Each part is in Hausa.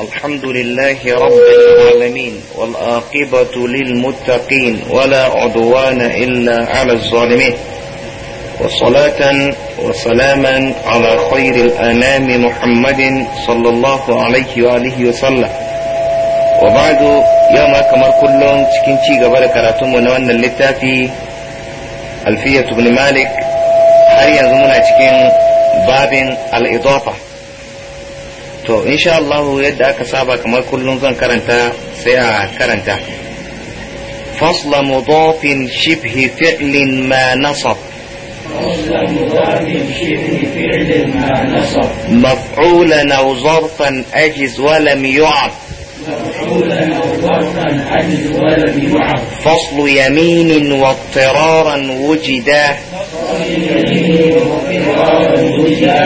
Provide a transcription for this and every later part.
الحمد لله رب العالمين والآقبة للمتقين ولا عدوان إلا على الظالمين وصلاة وسلاما على خير الأنام محمد صلى الله عليه وآله وسلم وبعد يوم كمر كلهم تكنتي قبل كراتم ونوانا اللتافي ألفية بن مالك هل ينزمنا تكن باب الإضافة to insha Allah yadda aka saba kamar kullun zan karanta sai a karanta فصل مضاف شبه فعل ما نصب مفعولا أو ظرفا أجز ولم يعب فصل يمين واضطرارا وجدا فصل يمين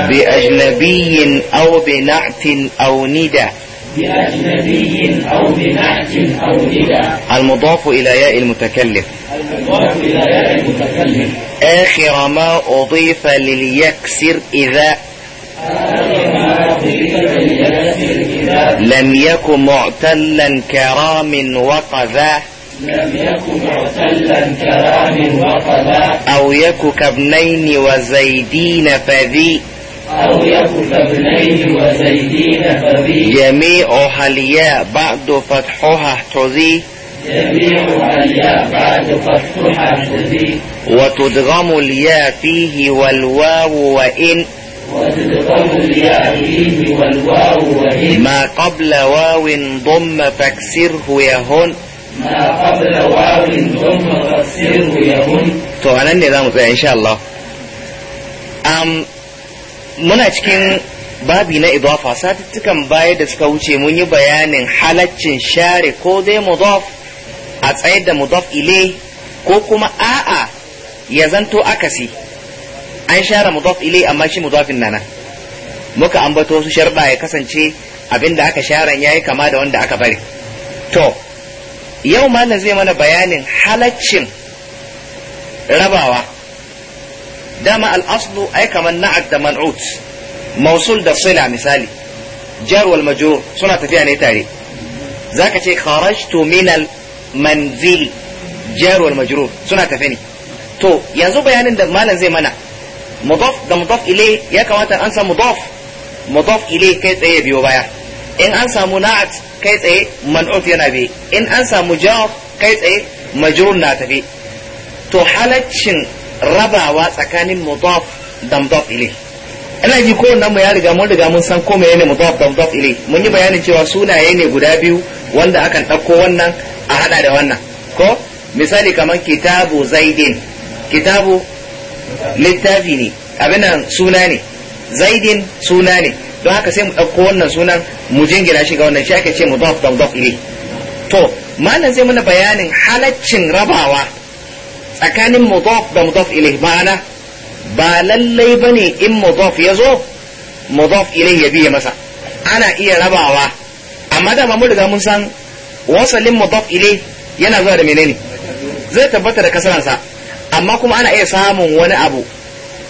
بأجنبي أو بنعت أو ندى بأجنبي أو بنعت أو ندى المضاف إلى ياء المتكلف المضاف إلى ياء المتكلف آخر ما أضيف لليكسر إذا لم يكن معتلا كرام وقذا لم يكن معتلا كرام وقلا أو يك كابنين وزيدين فذي أو يك كابنين وزيدين فذي جميعها الياء بعد فتحها احتذي جميع الياء بعد فتحها احتذي وتدغم الياء فيه والواو وإن ما قبل واو ضم فاكسره يهن to anan ne za mu tsaya insha Allah muna cikin babi na idafa satuttukan baya da suka wuce mun yi bayanin halaccin share ko dai mudaf a tsayar da mudaf ile ko kuma a'a ya zanto akasi an share mudaf ile amma shi mudafin nana muka ambato su sharba ya kasance abinda aka sharan yayi kama da wanda aka bari to yau malam zai mana bayanin halaccin rabawa dama al'aslu ai kamar na'ad da man'ut mausul da sila misali jar wal majrur suna tafiya ne tare zaka ce kharajtu min al manzil jar wal majrur suna tafi ne to yanzu bayanin da malam zai mana mudaf da mudaf ilay ya kamata an san mudaf mudaf ilay kai tsaye biyo baya in an samu na'at kai tsaye man'ut yana bi in an samu jawab kai tsaye majrur na tafi to halaccin rabawa tsakanin mudaf da mudaf ilai ina ji ko nan mu ya riga mun riga mun san ko menene mudaf da mudaf mun yi bayanin cewa sunaye ne guda biyu wanda akan ɗauko wannan a hada da wannan ko misali kamar kitabu zaidin kitabu littafi ne abinan suna ne zaidin suna ne don haka sai mu ɗauko wannan sunan mu jingina shi ga wannan shi ake ce mu dof dof ile. to malam zai mana bayanin halaccin rabawa tsakanin mu dof da mu dof ilai ma'ana ba lallai bane in mu dof ya zo mu dof ilai ya biye masa ana iya rabawa amma da mamu riga mun san wasalin dof ilai yana zuwa da menene zai tabbata da kasaransa amma kuma ana iya samun wani abu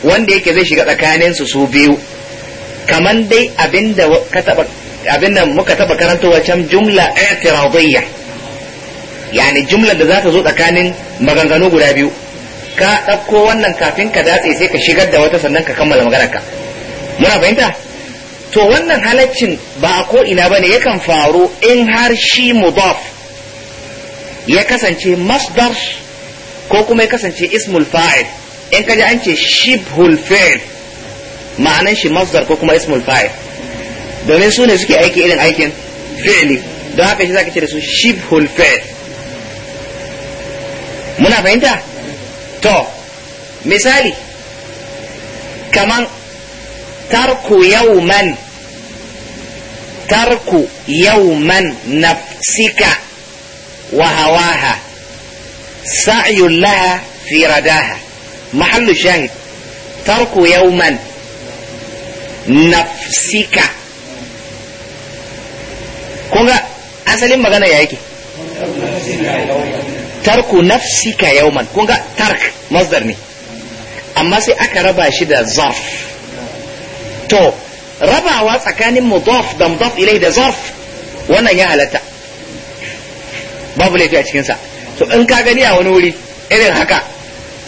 wanda yake zai shiga tsakanin su su biyu kaman dai abinda ka muka taba karanta can jumla i'tiradiyya yani jumlar da za ta zo tsakanin maganganu guda biyu ka ɗauko wannan kafin ka datse sai ka shigar da wata sannan ka kammala maganarka muna fahimta to wannan halaccin ba a ko'ina ba ne yakan faru in har shi mudaf ya kasance masdar ko kuma ya kasance ismul fa'il in ka ji an ce shibhul fa'il ma'anan shi masdar ko kuma ismul fa'il domin su ne suke aiki irin aikin fi'li don haka shi zaka ce da su shibhul fi'l muna fahimta to misali kaman tarku yawman tarku yawman nafsika wa hawaha sa'yun laha fi radaha mahallu shahid tarku yawman nafsika kunga asalin magana ya yake tarku nafsika yauman kunga tark masdar ne amma sai aka raba shi da zarf to rabawa tsakanin mudaf da mudaf ilai da zarf wannan ya halatta babu laifi a cikinsa to in ka gani a wani wuri irin haka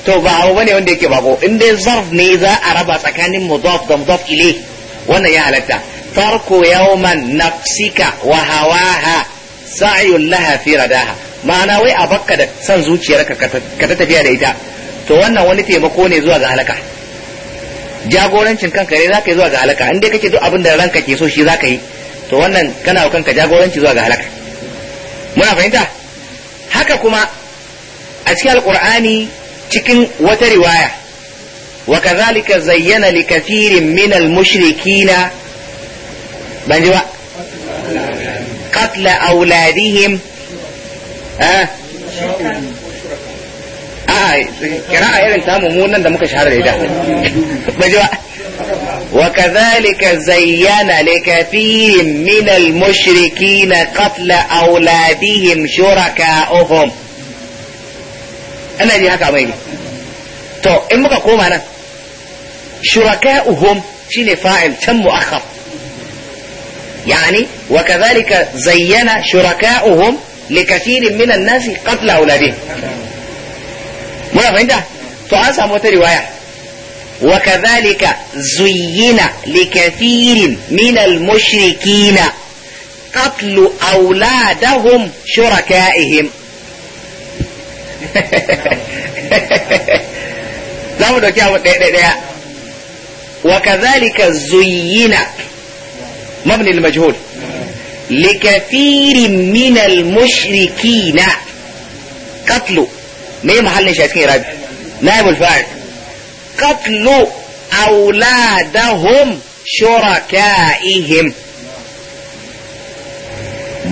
to ba abu bane wanda yake bako in dai zarf ne za a raba tsakanin mudaf da mudaf ile wannan ya halatta Farko yawman nafsika wa hawaha sa'yun laha fi radaha ma'ana wai a bakka da san zuciyarka ka ta tafiya da ita to wannan wani taimako ne zuwa ga halaka jagorancin kanka ne zaka yi zuwa ga halaka in dai kake duk abin da ranka ke so shi zaka yi to wannan kana wa kanka jagoranci zuwa ga halaka muna fahimta haka kuma a cikin alqur'ani cikin wata riwaya wa kazalika zayyana li kathirin min al mushrikina ban ji ba qatla auladihim ah kira'a irin mu nan da muka shahara da ita ban ji ba وكذلك زين لكثير من المشركين قتل auladihim شركاؤهم ana ji haka mai ne to in muka koma nan shuraka'uhum shine fa'il can mu'akhkhar يعني وكذلك زين شركاؤهم لكثير من الناس قتل أولادهم muna fahimta to an samu wata riwaya wa kadhalika zuyyina li kathirin min al mushrikina qatlu awladahum shurakaihim za mu dauki abu ɗaya ɗaya wa kazalika zuyyina mabni al-majhul likathirin min al-mushrikina qatlu me mahallin shi a cikin irabi naibul fa'il qatlu auladahum shuraka'ihim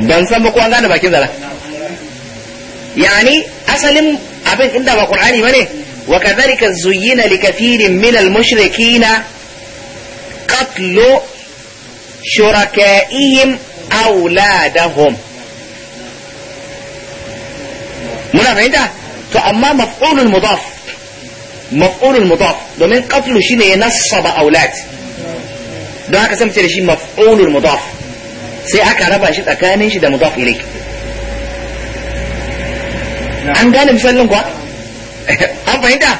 ban san ba ko an gane bakin zara يعني أسلم أبين إنده وقرآني منه وكذلك زينا لكثير من المشركين قتل شركائهم أولادهم منا فهمت تو أما مفعول المضاف مفعول المضاف دومين قتل شين ينصب أولاد ده هكذا سمت مفعول المضاف سي أكا شيء أكاني شيء ده مضاف إليك an gane misalin kuwa an fahimta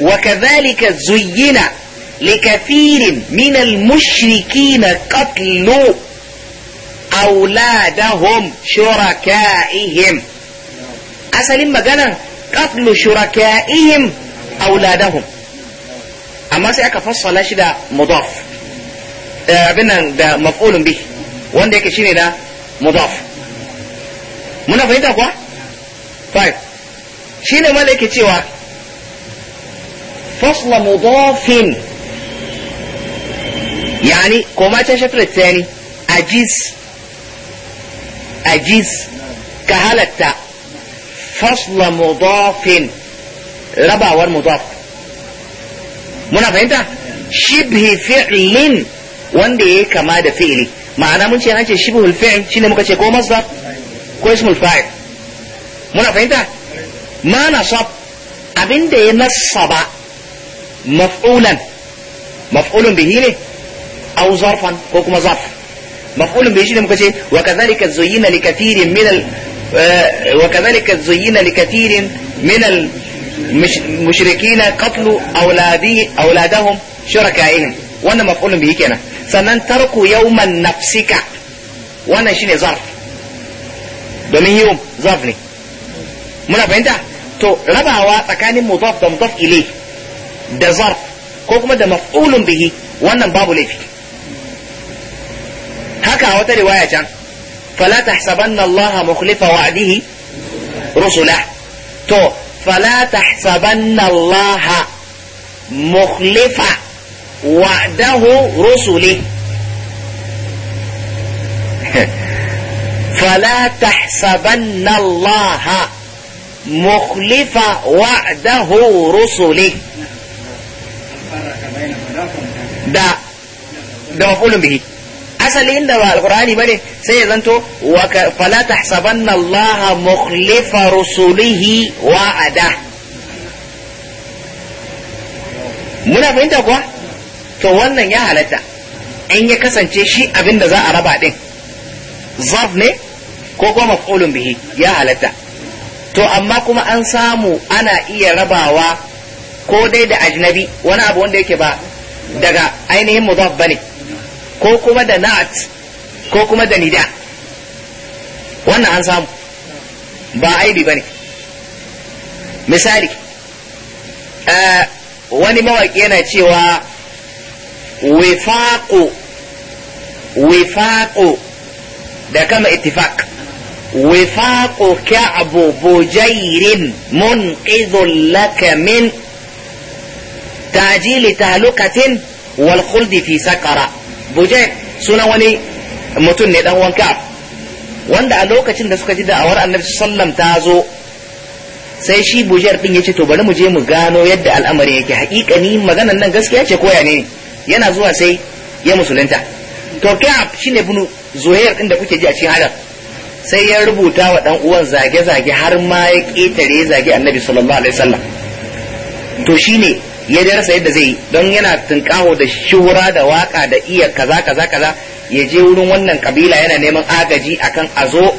wa kadhalika zuyyina likathirin min mushrikina mushrikin qatlu awladahum shurakaihim asalin maganan qatlu shurakaihim awladahum amma sai aka fassala shi da mudaf abinan da maf'ulun bi wanda yake shine da mudaf muna fahimta kuwa طيب شين ملك تيوا فصل مضاف يعني كما تشفر الثاني أجيز muna fahimta shibhi fi'lin wanda ya kama da fi'li ma'ana mun ce an ce shibhul fi'l shine muka ce ko masdar ko ismul fa'il muna fahimta ma nasab abin da ya nasaba maf'ulan maf'ulun bihi ne aw zarfan ko kuma zarf maf'ulun bihi ne muka ce wa kadhalika zuyyina likathirin min al eh, wa kadhalika zuyyina likathirin min al mushrikin qatlu awladi awladahum shurakaihim wannan maf'ulun bihi kenan sannan tarku yawman nafsika wannan shine zarf domin yawm zarf ne muna fahimta to rabawa tsakanin mudaf da mudaf ilai da zarf ko kuma da maf'ulun bihi wannan babu laifi haka wata riwaya can fala tahsabanna Allah mukhlifa wa'dihi rusula to fala tahsabanna Allah mukhlifa wa'dahu rusuli فلا تحسبن الله مخلف وعده رسله da da mafulun bihi asali inda ba alqur'ani bane sai ya zanto wa fala tahsabanna allaha mukhlifa rusulihi wa'ada muna fahimta kuwa to wannan ya halatta in ya kasance shi abinda za a raba din zaf ne ko kuma bihi ya halatta to amma kuma an samu ana iya rabawa ko dai da ajnabi wani abu wanda yake ba daga ainihin mudaf bane ko kuma da na'at ko kuma da nida wannan an samu ba aibi bane misali eh, wani mawaƙi yana cewa wifaqu wifaqu da kama ittifaq وفاقك كعب بجير منقذ لك من تعجيل تهلكة والخلد في سكرة بجير سنة ولي متن دهوان كعب wanda a lokacin da suka ji da'awar annabi sallam ta zo sai shi bujar din yace to bari mu je mu gano yadda al'amari yake haƙiƙani maganan nan gaskiya ce koya ne yana zuwa sai ya musulunta to shi shine bunu zuhair din da kuke ji a cikin hadar sai ya rubuta wa dan uwan zage-zage har ma ya ƙetare zage annabi sallallahu alaihi wasallam to shine ya darasa yadda zai don yana tunkaho da shura da waka da iya kaza kaza kaza ya je wurin wannan kabila yana neman agaji akan a zo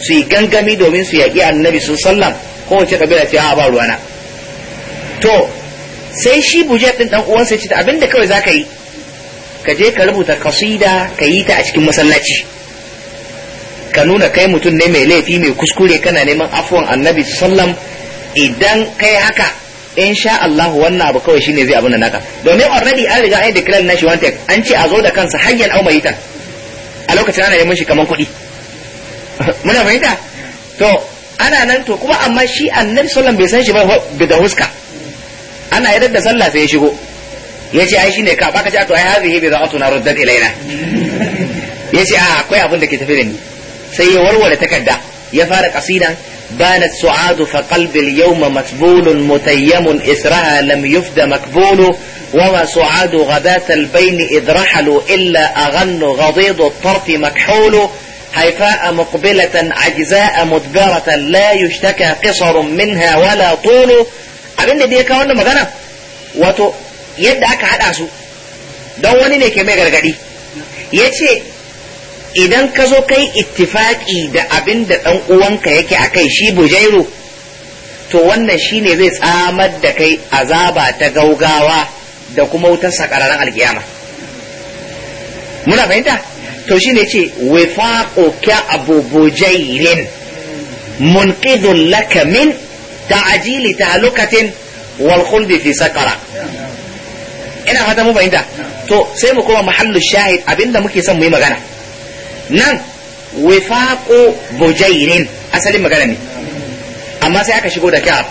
su yi gangami domin su yaƙi annabi alaihi wasallam kowace kabila ce a ba ruwana to sai shi bujet din dan uwansa ya ce abinda kawai zaka yi ka je ka rubuta kasida ka yi ta a cikin masallaci ka nuna kai mutum ne mai laifi mai kuskure kana neman afuwan annabi sallam idan kai haka in sha Allah wannan abu kawai shine zai abin da naka domin already an riga ai declare nashi wanted an ce a zo da kansa hanyar au mayitan a lokacin ana neman shi kaman kuɗi muna fahimta to ana nan to kuma amma shi annabi sallam bai san shi ba daga huska ana yadda da sallah sai ya shigo ya ce ai shine ka baka ce to ai hazihi bi za'atuna ruddat ilaina ya ce a akwai abin da ke tafe da ni سي ya تكدا يا فارق fara kasidan بانت سعاد فقلب اليوم مكبول متيم إسرها لم يفد مكبول وما سعاد غداة البين إذ رحلوا إلا أغن غضيض الطرف مكحول هيفاء مقبلة عجزاء مدبرة لا يشتكى قصر منها ولا طول abin دي كون مغنى وتو يدعك yadda aka haɗa su don wani idan ka zo kai ittifaki da abin da ɗan uwanka yake a kai shi bujairu to wannan shi ne zai tsamar da kai azaba ta gaugawa da kuma wutar sakararren alkiyama muna fahimta to shi ne ce wifaqo ka abu bujairin munqidun laka min ta'ajili ta lokacin khuldi fi sakara ina fata mu fahimta to sai mu koma mahallu shahid abinda muke son mu yi magana nan wifaqu bujairin asalin magana ne amma sai aka shigo da ka'ab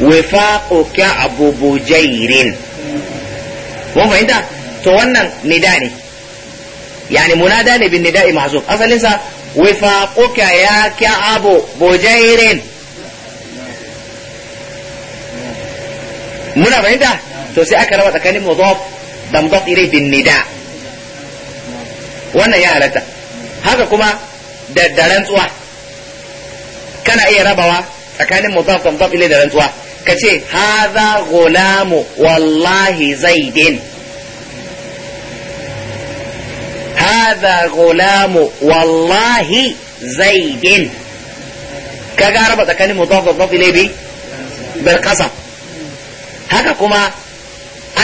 wifaqu ka'abu bujairin mun fahimta to wannan nida ne yani munada ne bin nida'i mahzuf asalin sa ka ya ka'abu bujairin muna fahimta to sai aka raba tsakanin mudaf da mudaf ilayhi bin nida' wannan ya halatta haka kuma da daren rantsuwa kana iya rabawa tsakanin mudaf mudaf ilai da rantsuwa kace hadha gulamu wallahi zaidin hadha gulamu wallahi zaidin kaga raba tsakanin mudaf mudaf ilai bi bil qasam haka kuma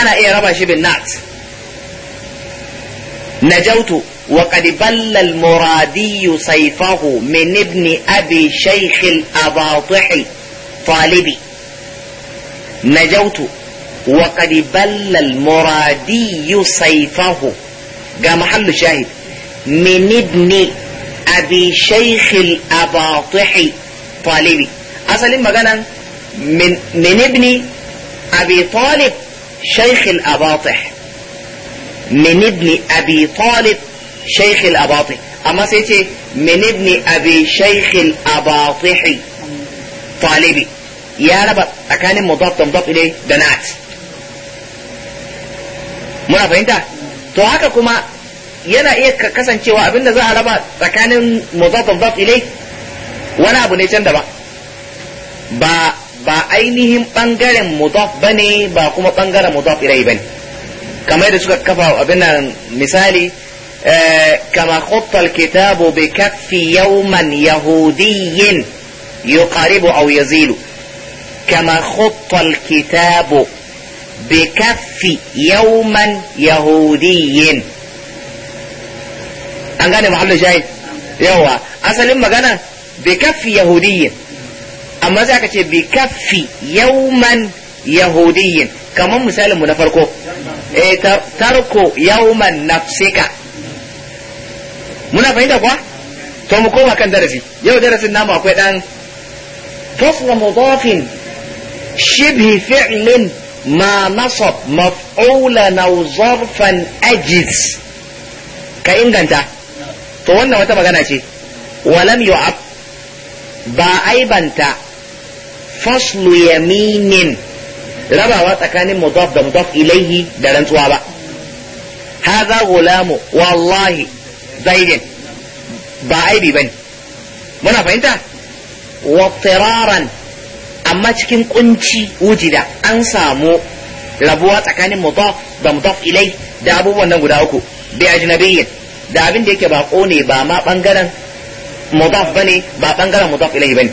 ana iya raba shi bin nat najautu وقد بل المرادي سيفه من ابن أبي شيخ الأباطح طالبي نجوت وقد بل المرادي سيفه جاء محل شاهد من ابن أبي شيخ الأباطح طالبي أصل إما قال من, من ابن أبي طالب شيخ الأباطح من ابن أبي طالب shaykh al amma sai ce min ibn abi shaykh al-abatihi talibi ya raba tsakanin mudaf da mudaf ilay muna fahimta to haka kuma yana iya kasancewa abinda za a raba tsakanin mudaf da wani abu ne can da ba ba ainihin bangaren ba bane ba kuma bangaren mudaf ilay bane kamar yadda suka kafa abin nan misali آه، كما خط الكتاب بكف يوما يهودي يقارب أو يزيل كما خط الكتاب بكف يوما يهودي أنقاني محمد جاي يوا أصل ما قال بكف يهودي أما ذاك بكف يوما يهودي كما مثال منافركو ايه تركو يوما نفسك muna fahimta kuwa to mu koma kan darasi yau darasin namu akwai dan kasra mudafin shibhi fi'lin ma nasab maf'ulan aw zarfan ajiz ka inganta to wannan wata magana ce walam yu'ab ba aibanta faslu yaminin rabawa tsakanin mudaf da mudaf ilaihi da rantsuwa ba hadha gulamu wallahi zaidin ba aibi bane muna fahimta wa amma cikin kunci wujida an samu rabuwa tsakanin mudaf da mudaf ilai da abubuwan nan guda uku bi ajnabiyyin da abin da yake bako ne ba ma bangaren mudaf bane ba bangaren mudaf ilai bane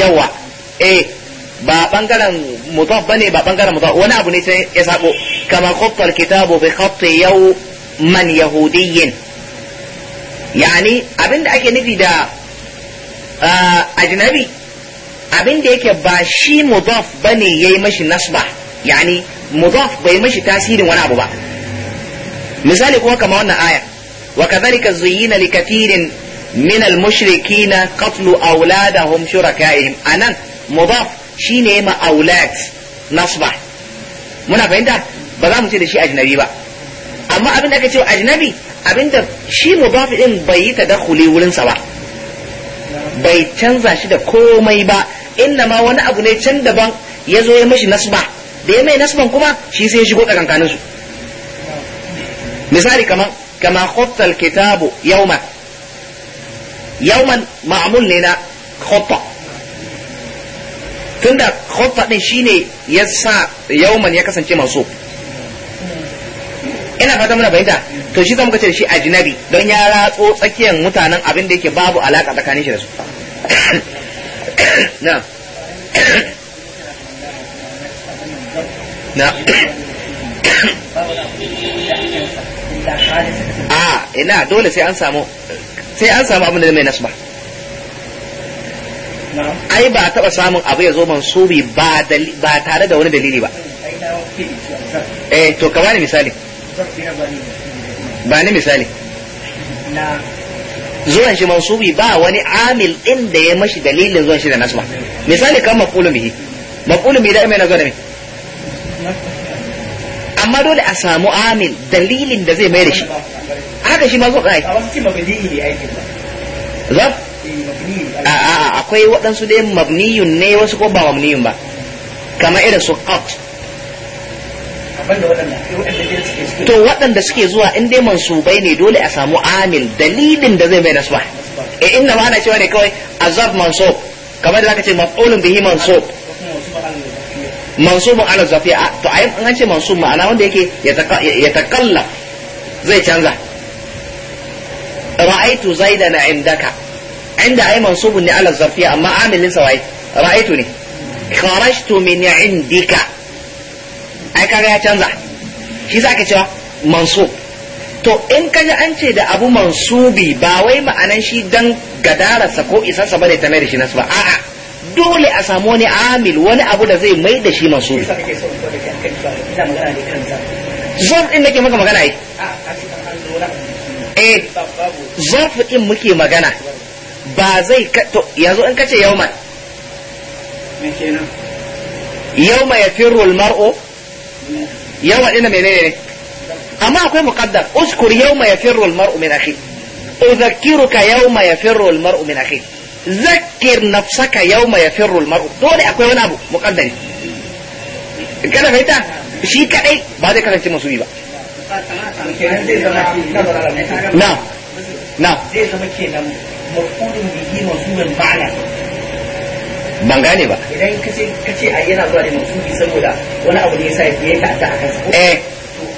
yawa eh ba bangaren mudaf bane ba bangaren mudaf wani abu ne sai ya sabo kama khatta kitabu bi khatti yau man yahudiyyin yani abinda ake nufi da ajnabi abinda yake ba shi mudaf bane yayi mashi nasba yani mudaf bai mashi tasirin wani abu ba misali kuma kama wannan aya وكذلك زين لكثير من المشركين قتل أولادهم شركائهم أنا مضاف shine ma aulat nasba muna fahimta ba za mu ce da shi ajnabi ba amma abin da aka ce ajnabi abin da shi mudafi din bai yi tadakhuli wurin sa ba bai canza shi da komai ba inna ma wani abu ne can daban ya zo ya mashi nasba da ya mai nasban kuma shi sai ya shigo tsakankanin su misali kamar, kama khatta alkitabu yawma yawman ma'mul ne na khatta tunda khuffa din shine ya sa yauman ya kasance masu ina fata muna bayyana to shi zamu ce shi ajnabi don ya ratso tsakiyar mutanen abin da yake babu alaka tsakanin shi da su na na a ah, ina dole sai an samu sai an samu abin da mai nasba ai ba a taba samun abu ya zo mansubi ba ba tare da wani dalili ba eh to ka bani misali ba ni misali zuwan shi mansubi ba wani amil din da ya mashi dalilin zuwan shi da nasba misali kan maqulun bihi maqulun bihi da mai nazo da me amma dole a samu amil dalilin da zai mai da shi haka shi ma zo kai a wasu ce ba ne aikin ba a a akwai waɗansu dai mabniyun ne wasu ko ba mabniyun ba kamar irin su qat to waɗanda suke zuwa in dai mansubai ne dole a samu amil dalilin da zai mai nasba e eh, inna ma ana cewa ne kawai azab mansub kamar da zaka ce maf'ulun bihi mansub mansubun ala zafiya to ayi an ce mansub ma'ana wanda yake ya takalla zai canza ra'aitu zaidana indaka inda ai mansubun ne ala zarfiya amma amilin sa waye ra'aitu ne kharajtu min indika ai kaga ya canza shi zaka cewa mansub to in kaji an ce da abu mansubi ba wai ma'anan shi dan gadararsa ko sa bane ta mai da shi nasu ba a'a dole a samu wani amil wani abu da zai mai da shi mansubi zarf din nake maka magana yi eh zarf din muke magana ba zai to yanzu in kace yauman me kenan yauma yafirru almar'u yauma ina menene ne amma akwai muqaddar uskur yauma yafirru almar'u min akhi udhakkiruka yauma yafirru almar'u min akhi zakkir nafsaka yauma yafirru almar'u dole akwai wani abu muqaddari kada fahimta shi kadai ba zai kasance masubi ba na na zai zama kenan mafulun masu masulan ba'ala ban gane ba idan ka ce a yana zuwa da masuli saboda wani abu ne yasa ya ta ta akan sa eh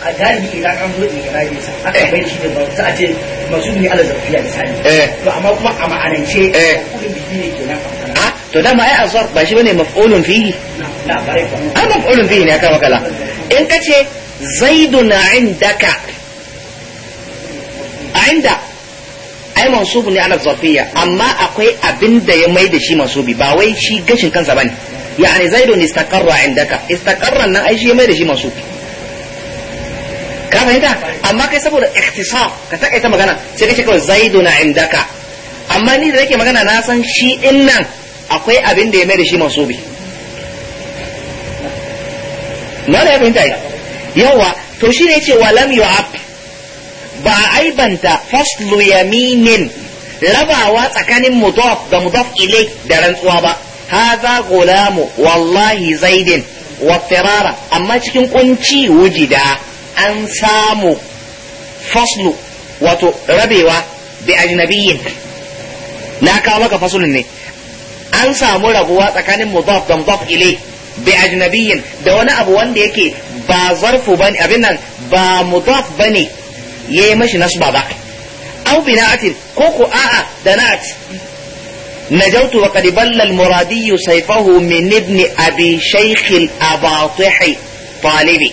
a galibi idan an zo ne gari yasa aka eh. bai shi da ba a ce masuli ala zafiya misali eh to amma kuma a ma'anance eh. mafulun biki ne kenan a ah, to dama ai azar ba shi bane maf'ulun fihi na ba ai maf'ulun fihi ne aka makala in ka ce zaidun indaka inda ai mansubu ne ala zafiya amma akwai abin da ya mai da shi mansubi ba wai shi gashin kansa bane yani zaidun istaqarra indaka istaqarra nan ai shi ya mai da shi mansubi ka fahimta amma kai saboda ikhtisar ka takaita magana sai kace kawai zaidun indaka amma ni da nake magana na san shi din nan akwai abin da ya mai da shi mansubi na da ya fahimta yawa to shi ne ce walam yu'ab ba a aibanta faslu yaminin rabawa tsakanin mudaf da mudaf ilai da rantsuwa ba haza gulamu wallahi zaidin wa firara amma cikin kunci wujida an samu faslu wato rabewa bi ajnabiyin na kawo maka faslun ne an samu rabuwa tsakanin mudaf da mudaf ilai bi ajnabiyin da wani abu wanda yake ba zarfu bane abin nan ba mudaf bane ya yi mashi nasba ba au bina'atin ko ko a'a da na'at نجوت وقد بل المرادي سيفه من ابن أبي شيخ الأباطح طالبي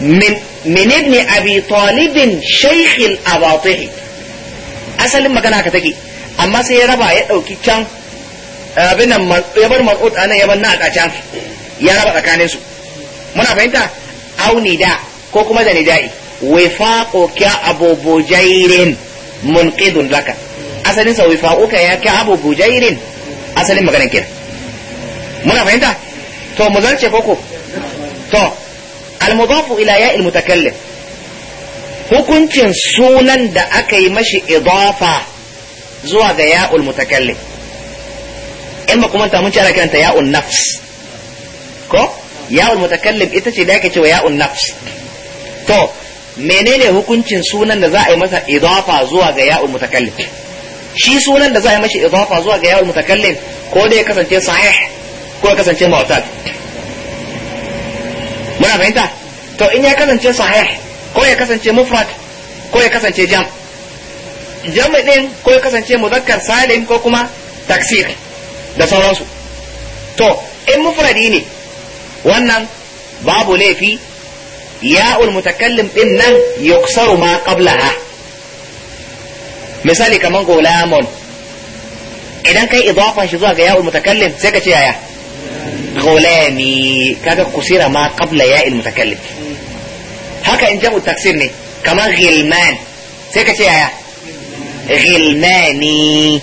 من من ابن أبي طالب شيخ الأباطح أسأل ما كان هكذا أما سيربع يدوكي كان abin nan yabar mar'ud anan bar na a can ya raba tsakanin su muna fahimta auni da ko kuma da nida'i wifaquka abu bujairin munqidun laka asalin sa wifaquka ya ka abu bujairin asalin maganar kenan muna fahimta to mu zarce koko to almudafu ila ya almutakallim hukuncin sunan da aka yi mashi idafa zuwa ga ya mutakallim in ba kuma mun ci ana kiranta ya nafs ko ya'ul mutakallim ita ce da ake cewa ya nafs to menene hukuncin sunan da za a yi masa idafa zuwa ga ya'ul mutakallim shi sunan da za a yi mashi idafa zuwa ga ya'ul mutakallim ko dai ya kasance sahih ko ya kasance mu'tad muna fahimta to in ya kasance sahih ko ya kasance mufrad ko ya kasance jam jam din ko ya kasance mudhakkar salim ko kuma taksir da sauransu to in mufradi ne wannan babu laifi ياء المتكلم إن يكسر ما قبلها مثال كمان غلام إذا كان إضافة شذوها ياء المتكلم سيكا يا يا غلامي كذا كسر ما قبل ياء المتكلم هكا إن جابوا التكسير كمان غلمان سيكا يا يا غلماني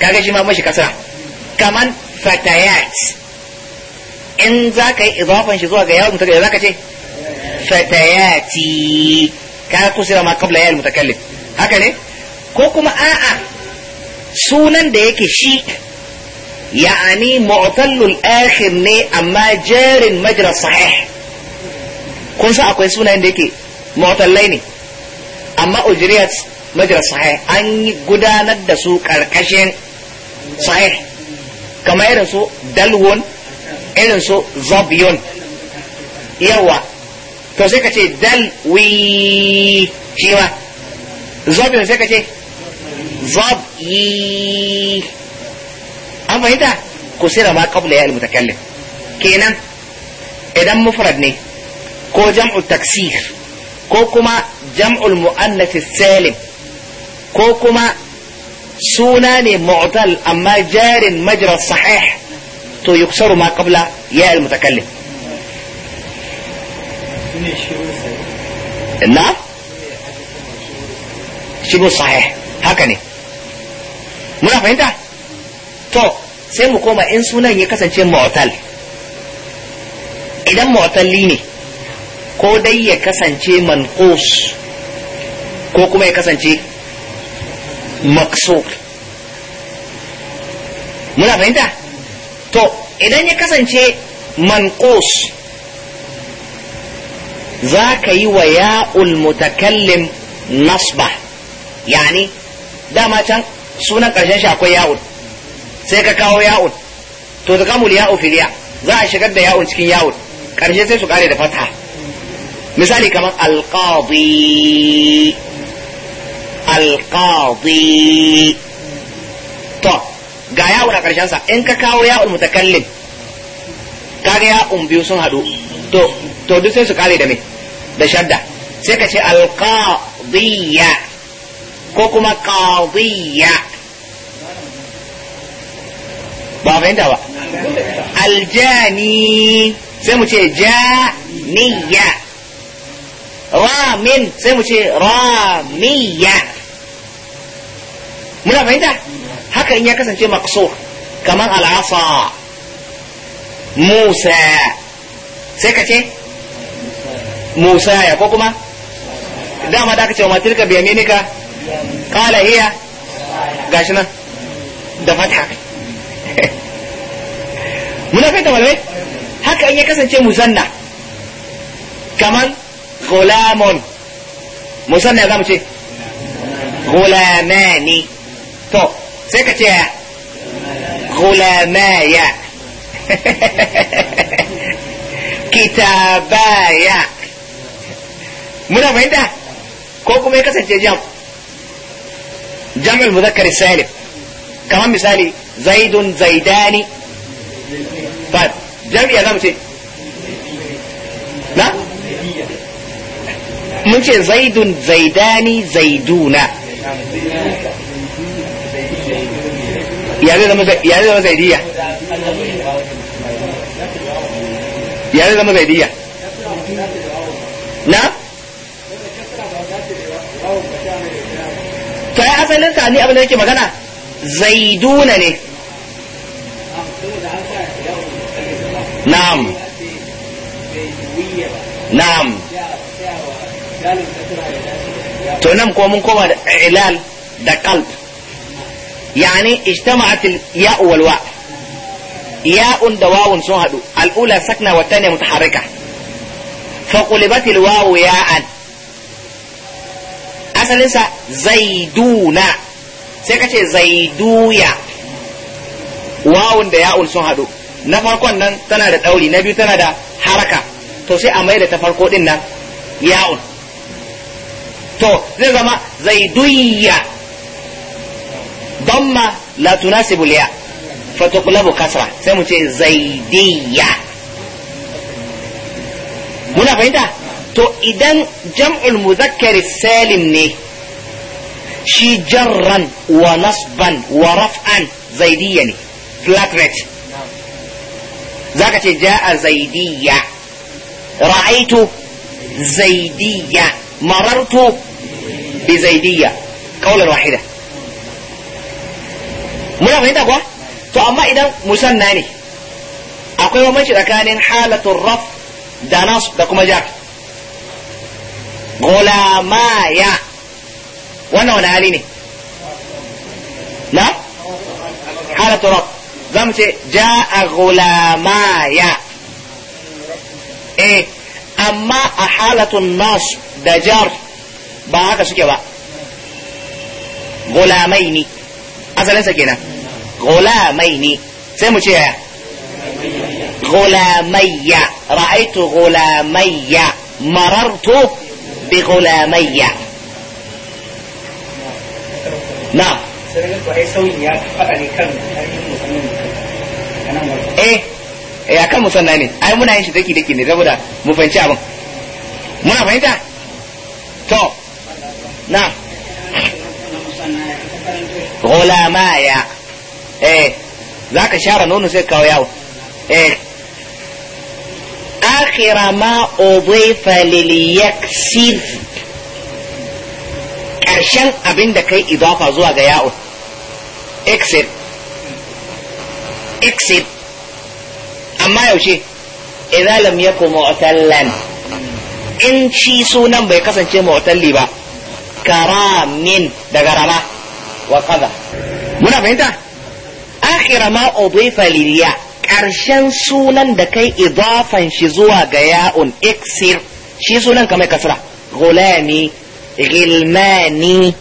كذا شي ما ماشي كسر كمان فتيات إن ذاك إضافة شذوها ياء المتكلم ذاك شي fatayati ka kusira ma qabla ya mutakallim haka ne ko kuma a'a sunan da yake shi يعني معتل الآخر ني أما جار مجرى صحيح كون سأ أكوي سونا عندك معتلين أما أجريت مجرى صحيح أن قدانا دسو كالكشين صحيح كما يرسو دلون إرسو ظبيون يوا to sai ka ce dal wi shi ma zobin sai ka ce zob yi an fahimta ku sira ma kabla ya almutakallim kenan idan mufrad ne ko jam'u taksir ko kuma jam'ul mu'annath salim ko kuma suna ne mu'tal amma jarin majra sahih to yuksaru ma kabla ya almutakallim na shigo sahih haka ne muna fahimta to sai mu koma in sunan ya kasance ma'otal idan mu'talli ne ko dai ya kasance manqus ko kuma ya kasance maksur muna fahimta to idan ya kasance manqus za ka yi wa ya'ul mutakallim nasba yani dama can sunan ƙarshen shi akwai ya'ul sai ka kawo ya'ul to da kamul ya'u filiya za a shigar da ya'ul cikin ya'ul ƙarshe sai su ƙare da fata misali kamar alƙadi alƙadi to ga ya'ul a ƙarshen sa in ka kawo ya'ul mutakallim kaga ya'un biyu sun haɗu to to duk sai su kare da me da shadda sai ka ce alqadiyya ko kuma qadiyya ba fahimta ba aljani sai mu ce janiya ramin sai mu ce ramiya muna fahimta haka in ya kasance makso kamar al'asa musa sai ka ce musaya ko kuma dama da aka ce wa matilka bi yaminika kala hiya gashi nan da fatha muna ta malamai haka in ya kasance musanna kamar gulamun musanna za mu ce gulamani to sai ka ce gulamaya kitabaya muna fahimta ko kuma ya kasance jam mu muzakkar salif kamar misali zaidun zaidani ba jam'iya mu ce na mun ce zaidun zaidani zaiduna ya zai zama zaidiya ya zai zama zaidiya na to ai asalin sa ni abin da yake magana zaiduna ne na'am na'am to nan ko mun koma da ilal da qalb yani ijtama'at ya wal wa ya'un da wawun sun hadu al-ula sakna wa tani mutaharrika fa qulibat al-wawu ya'an asalinsa zaiduna sai ka ce zaiduya wawun da ya'un sun haɗu na farkon nan tana da ɗauri na biyu tana da haraka to sai a maida ta farko ɗin nan ya'un to zai zama zaiduya damma la tunasibu liya fatuqlabu kasra sai mu ce zaidiyya muna fahimta تو إذن جمع المذكر السالم نه شي جرا ونصبا ورفعا زيديا فلاكريت ذاك جاء زيديا رأيت زيديا مررت بزيديا قولا واحدا ملا فهمت أقوى تو أما إذن مسناني أقوى ومشي حالة الرف دا نصب دا كما جاك gulamaya wannan wani hali ne na halatu rab za mu ce ja'a gulamaya eh amma a halatun nas da jar ba haka suke ba gulamai ne asalinsa kenan gulamai ne sai mu ce yaya غلامي Ra'aitu غلامي Marartu. بغلامي نعم eh ya kan musanna ne shi daki daki ne saboda mu fahimci abin muna to na ghulamaya eh zaka share nono sai ka yawo eh آخر ما أضيف لليكسر ƙarshen abin kai idafa zuwa ga ya'un exit exit amma yaushe idza lam yakun sunan bai kasance mu'talli ba karamin daga rama wa qada muna fahimta akhira ma udifa ƙarshen sunan da kai idafan shi zuwa ga ya'un iksir shi sunan kamar kasra gulami gilmani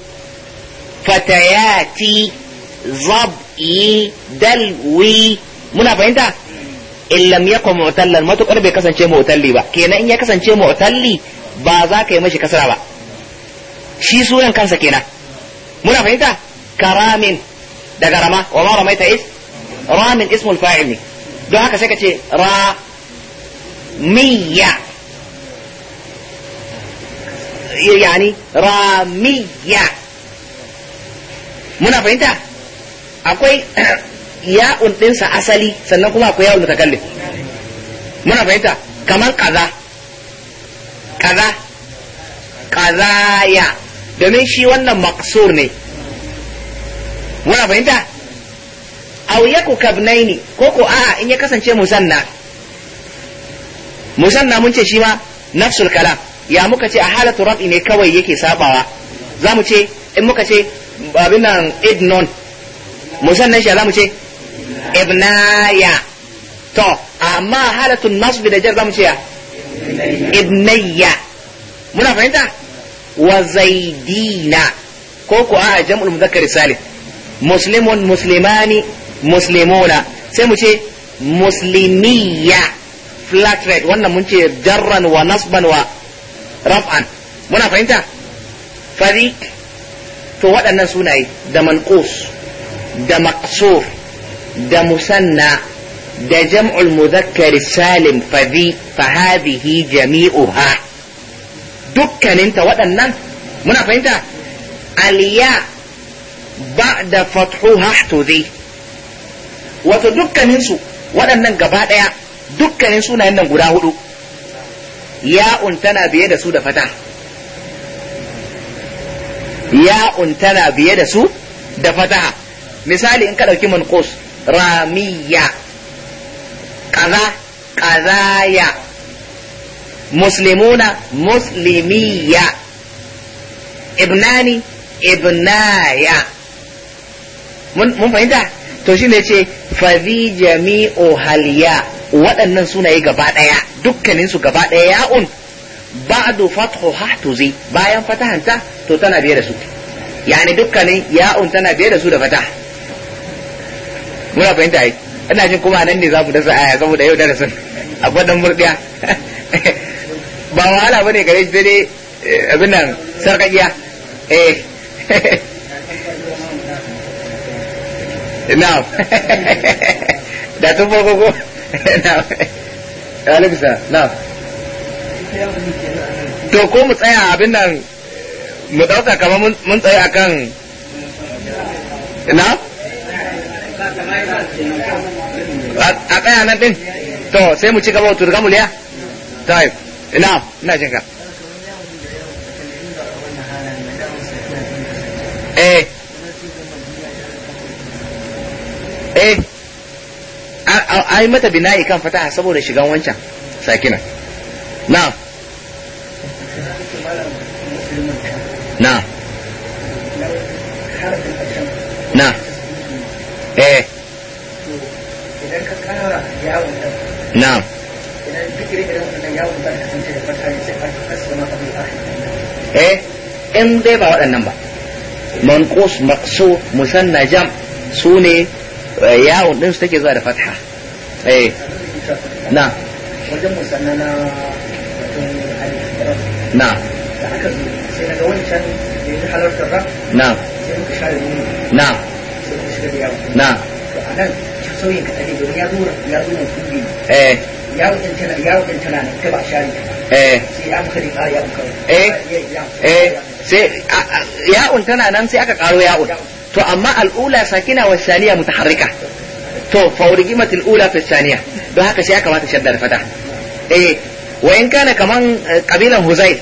fatayati zab'i dalwi muna fahimta in yakun mu'tallan matukar bai kasance mu'talli ba kenan in ya kasance mu'talli ba za ka yi mashi kasra ba shi sunan kansa kenan muna fahimta karamin daga rama wa ma ramaita is ramin ismul fa'il ne don haka sai ka ce ra miya yani ramiya muna fahimta akwai ya'un ɗinsa asali sannan kuma akwai ya'un mutakallim muna fahimta kamar kaza kaza ya domin shi wannan maksur ne muna fahimta aw yaku kabnaini ko ko a in ya kasance musanna musanna mun ce shi ma nafsul kalam ya muka ce a halatu rab'i ne kawai yake sabawa za mu ce in muka ce abin nan idnon Musanna shi za mu ce ibnaya to amma halatu nasb da jar za mu ce ya Ibnaya. muna fahimta wa zaidina ko ko a jam'ul muzakkar salim muslimun muslimani muslimuna sai mu ce muslimiya flat rate wannan mun ce jarran wa nasban wa raf'an muna fahimta fari to waɗannan sunaye da manqus da maqsur da musanna da jam'ul mudhakkar salim fadi fa hadhihi jami'uha dukkaninta waɗannan muna fahimta aliya ba'da fathuha ihtudhi wato dukkaninsu waɗannan gaba ɗaya dukkanin sunayen nan guda hudu ya'un tana biye da su da fata ya'un tana biye da su da fataha misali in ka ɗauki manqus ramiya kaza kazaya muslimuna muslimiya ibnani ibnaya mun fahimta to shi ne ce fazi jami'u haliya waɗannan sunaye gaba ɗaya dukkaninsu gaba ɗaya ya'un ba'du fathu zai bayan fatahanta to tana biye da su yani dukkanin ya'un tana biye da su da fata muna fahimta yi ina jin kuma nan ne za mu dasa aya saboda yau darasin akwai dan murdiya ba wahala bane gare shi dai eh, abin nan sarkakiya eh na'am da tun farko ko na'am alaikusa na'am to ko mu tsaya abin nan mu dauka kamar mun tsaya akan na a tsaya nan din to sai mu ci gaba wato daga muliya taif ina ina jin ka eh eh ai mata bina'i kan fataha saboda shigan wancan sakina na na na eh idan ka na idan wannan ba ka kasance da fata ne ka eh in dai ba waɗannan ba manqus maqsu musanna jam sune Eh, yawon din su take zuwa da fatha eh na wajen musanna na na na ya halarta ba na sai muka ne na na a nan ya ya ya zo ya zo ya ya ya tana ya ya ta ba ya ya ya ya riƙa ya ya ya ya nan sai aka ya yawon to amma al'ula sakina wa saniya mutaharrika to fa urgimat al'ula fi saniya don haka sai ya kamata shaddar fata eh wa in kana kaman eh, kabilan huzai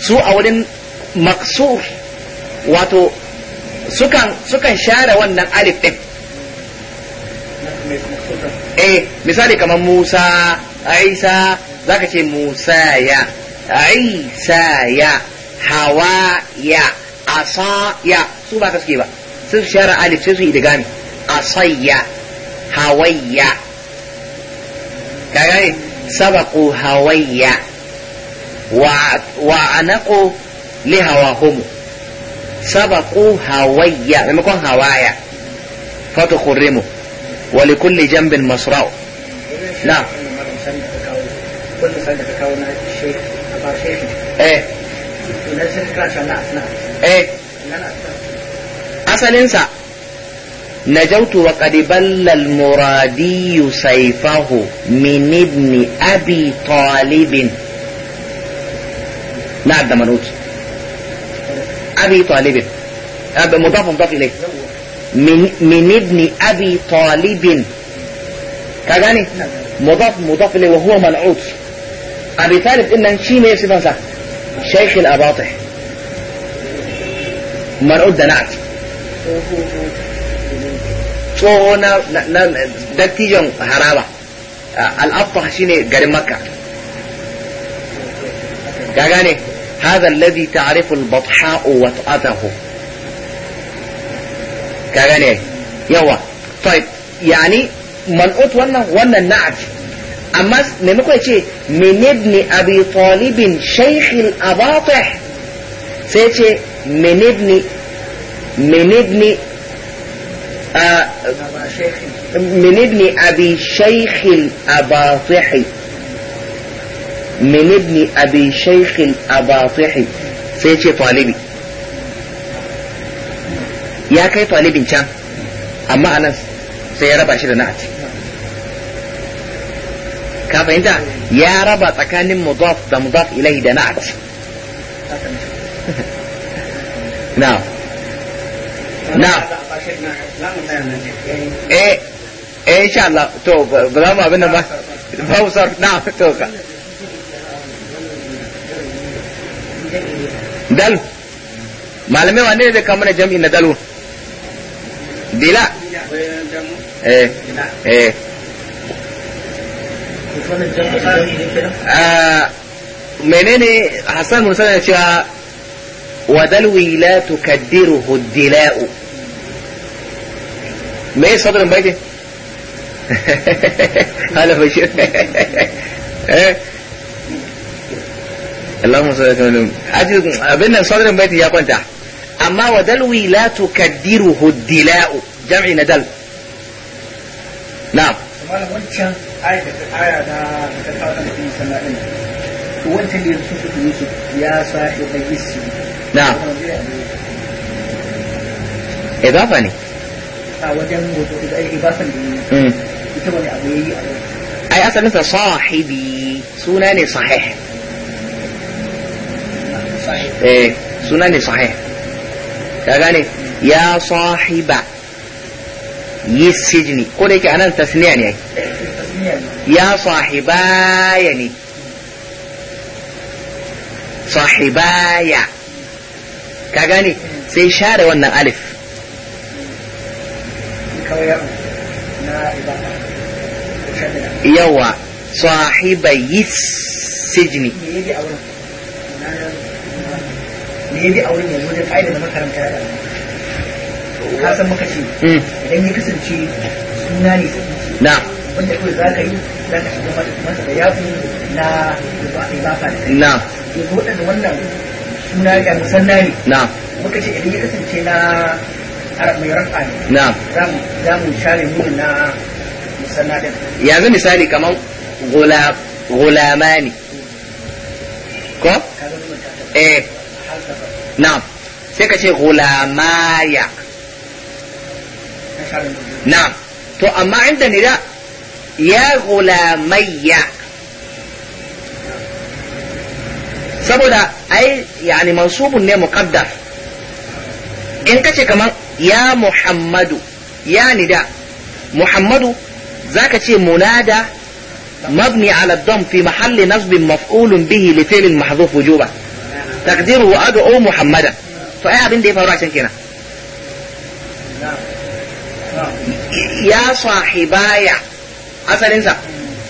su a wurin maksur wato sukan sukan share wannan alif din eh misali kaman Musa Aisa zaka ce Musa ya Aisa ya Hawa ya Asa ya su ba ta suke ba سف شرع علي سف يدغان اصيا هويا كاي إيه؟ سبقوا هويا و وعنقوا لهواهم سبقوا هويا لما كون هوايا فتخرموا ولكل جنب مصرع نعم كل الشيخ ايه نعم. ايه نعم. asalinsa najautu wa qadiballal muradiyu saifahu min أبي طالب أبي na da manut أبي طالب هذا مضاف مضاف إليه من, من ابن أبي طالب كذاني مضاف مضاف إليه وهو منعوت أبي طالب إن نشي ما يصفها شيخ الأباطح منعوت دنعت tsoho na dattijon haraba al'abta shi ne garin makka ka gane هذا الذي تعرف البطحاء وطأته ka gane yawa طيب يعني منقوط wannan wannan na'at amma maimako ya ce min ibn abi talibin shaykh al-abatih sai ce min ibn من ابن آه من ابن أبي شيخ الأباطحي من ابن أبي شيخ الأباطحي سيتي طالبي ya kai talibin can amma anan sai ya raba shi da na'at ka fahimta ya raba tsakanin mudaf da mudaf ilai da na'at na eh insha Allah dal malamai ne zai kama jam'i na dalu Bila. eh eh menene Hassan Musa ya cewa ودلوي لا تكدره الدلاء ما ايه صدر المبادي هلا بشير اللهم صل وسلم قابلنا صدر المبادي يا قوان تحت اما ودلوي لا تكدره الدلاء جمع ندل نعم آية آية وانت اللي يوسف يوسف يا صاحب السجن na idafa ne a wajen ibafan da hmm. ita wani abu yayi a ai asalin sa suna ne sahih eh suna ya sahiba yi anan tasniya ne ya sahibaya ka gane sai share wannan alif yawa sahibai sijni ne bi a wurin yanzu da ƙa'ida makaranta da ka san muka ce idan ya kasance suna ne na wanda kawai za ka yi za ka shiga masa da yafi na ibafa da kai na waɗanda wannan suna ga musannari na muka ce idan ya kasance na mai rafa ne na za mu share nuna na musannadin yanzu misali kamar gulamani ko eh na sai ka ce gulamaya na to amma inda da ya gulamayya saboda ai yani mansubun ne muqaddar in kace kaman ya muhammadu ya nida muhammadu zaka ce munada مبني fi الضم في محل نصب مفعول به لفعل محذوف وجوبا تقديره ادعو محمدا فايه abin da ya faru a can kenan ya sahibaya asalin sa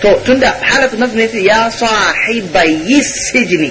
to tunda haratu nasb ne ya sahibayi sijni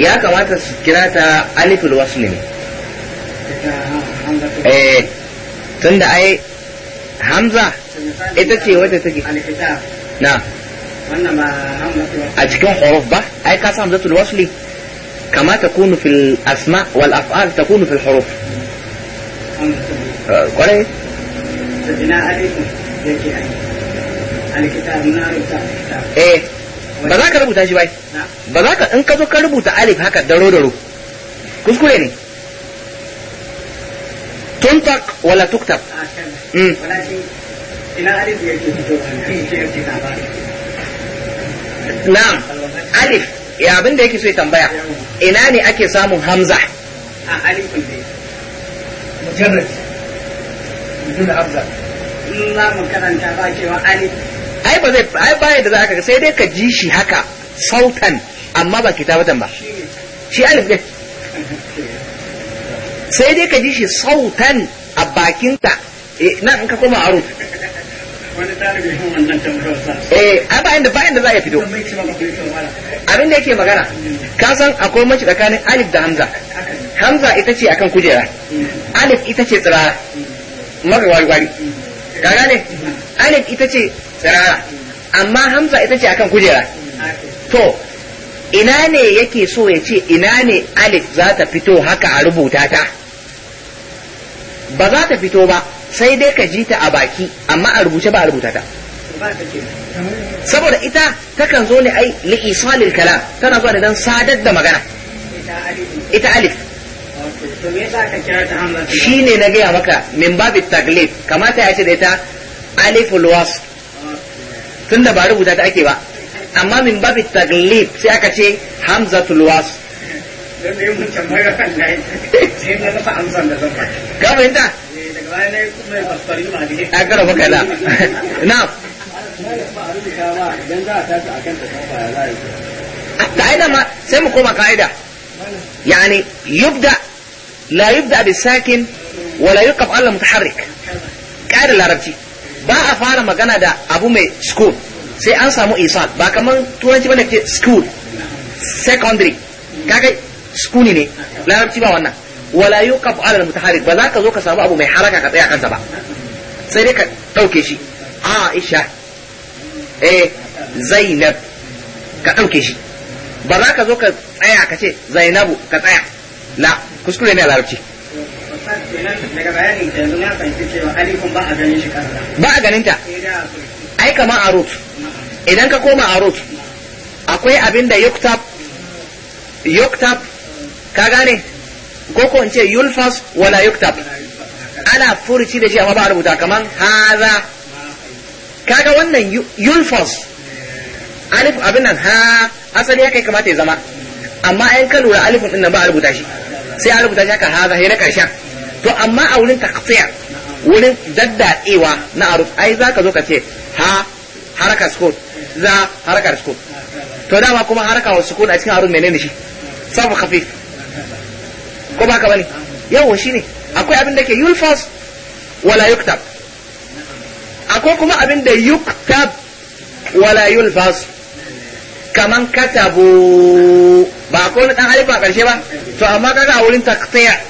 ya kamata su kira ta aliful wasli ne eh tunda ai hamza ita ce wadda take na a cikin huruf ba ai ka sa hamzatul wasli kama takunu fil asma wal af'al takunu fil huruf kwarai eh ba za ka rubuta shi bai ba za ka in ka zo ka rubuta alif haka daro daro kuskure ne tuntak wala tuktab ah, hmm. na'am alif ya abin da yake so ya tambaya ina ne ake samun hamza a ah, alifin ne mujarrad mutum hamza in mu karanta ba cewa alif ai ba zai ai baya da za ka sai dai ka ji shi haka sautan amma ba kitabatan ba shi alif din sai dai ka ji shi sautan a bakinta eh, nan in ka koma arun wani ɗalibin wannan tambayar eh ai bayan da bayan da za ya fito abin da yake magana ka san akwai mace tsakanin alif da hamza hamza ita ce akan kujera alif ita ce tsira mara wari wari ka gane mm-hmm. alif ita ce tsirara amma hamza ita ce akan kujera to ina ne yake so ya ce ina ne alif za ta fito haka a rubuta ta ba za ta fito ba sai dai ka ji ta a baki amma a rubuce ba a rubuta ta saboda ita takan zo ne ai li'isalil Kala tana zuwa da dan sadar da magana ita alif shi ne na gaya maka min babit taglif kamata ya ce da ita Alif wasf tunda ba rubuta ta ake ba amma min babi taglib sai aka ce hamzatul wasf dan ne mun tambaya kan sai na ga ka fahimta eh, daga bayan ne kuma ya a la na تعالى ما سمكم قاعدة يعني يبدأ لا ba a fara magana da abu mai school sai an samu isal ba kamar turanci bane ke school secondary kaga school ne larabci ba wannan wala yuqaf ala al-mutaharrik ba za ka zo ka samu abu mai haraka ka tsaya kansa ba sai dai ka dauke shi Aisha eh Zainab ka dauke shi ba za ka zo ka tsaya ka ce Zainabu ka tsaya la kuskure ne a larabci ba a ganinta ai kama a root. idan ka koma a root. akwai abin da yuktab yuktab ka gane ko ko ce yulfas wala yuktab ana furuci da shi amma ba a rubuta kaman haza kaga wannan yulfas alif abin nan ha asali ya kai kamata ya zama amma ayan ka lura alifin din nan ba a rubuta shi sai a rubuta shi haka haza sai na karshen to amma a wurin taqsiya wurin daddadewa na aruf ai zaka zo ka ce ha haraka sukun za haraka sukun to dama kuma haraka wa sukun a cikin aruf menene shi sabu khafif ko baka bane yawa shine akwai abin da ke yulfas wala yuktab akwai kuma abin da yuktab wala yulfas kaman katabu ba ko wani dan alifa karshe ba to amma kaga a wurin taqsiya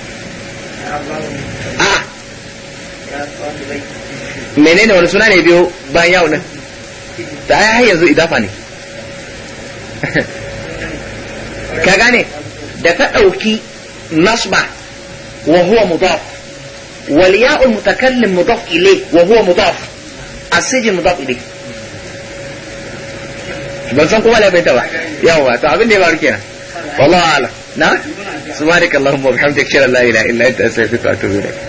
A'a. Ah. menene wani suna ne biyo bayan yawon nan da ai har yanzu idafa ne ka gane da ka ɗauki nasba wa huwa mudaf wal ya'u mutakallim mudaf ilay wa huwa mudaf asijin mudaf ilay ban san kuma ta ba yawa to abin da ya baro kenan wallahi alam na subhanakallahumma wa bihamdika la ilaha illa anta astaghfiruka wa atubu ilaik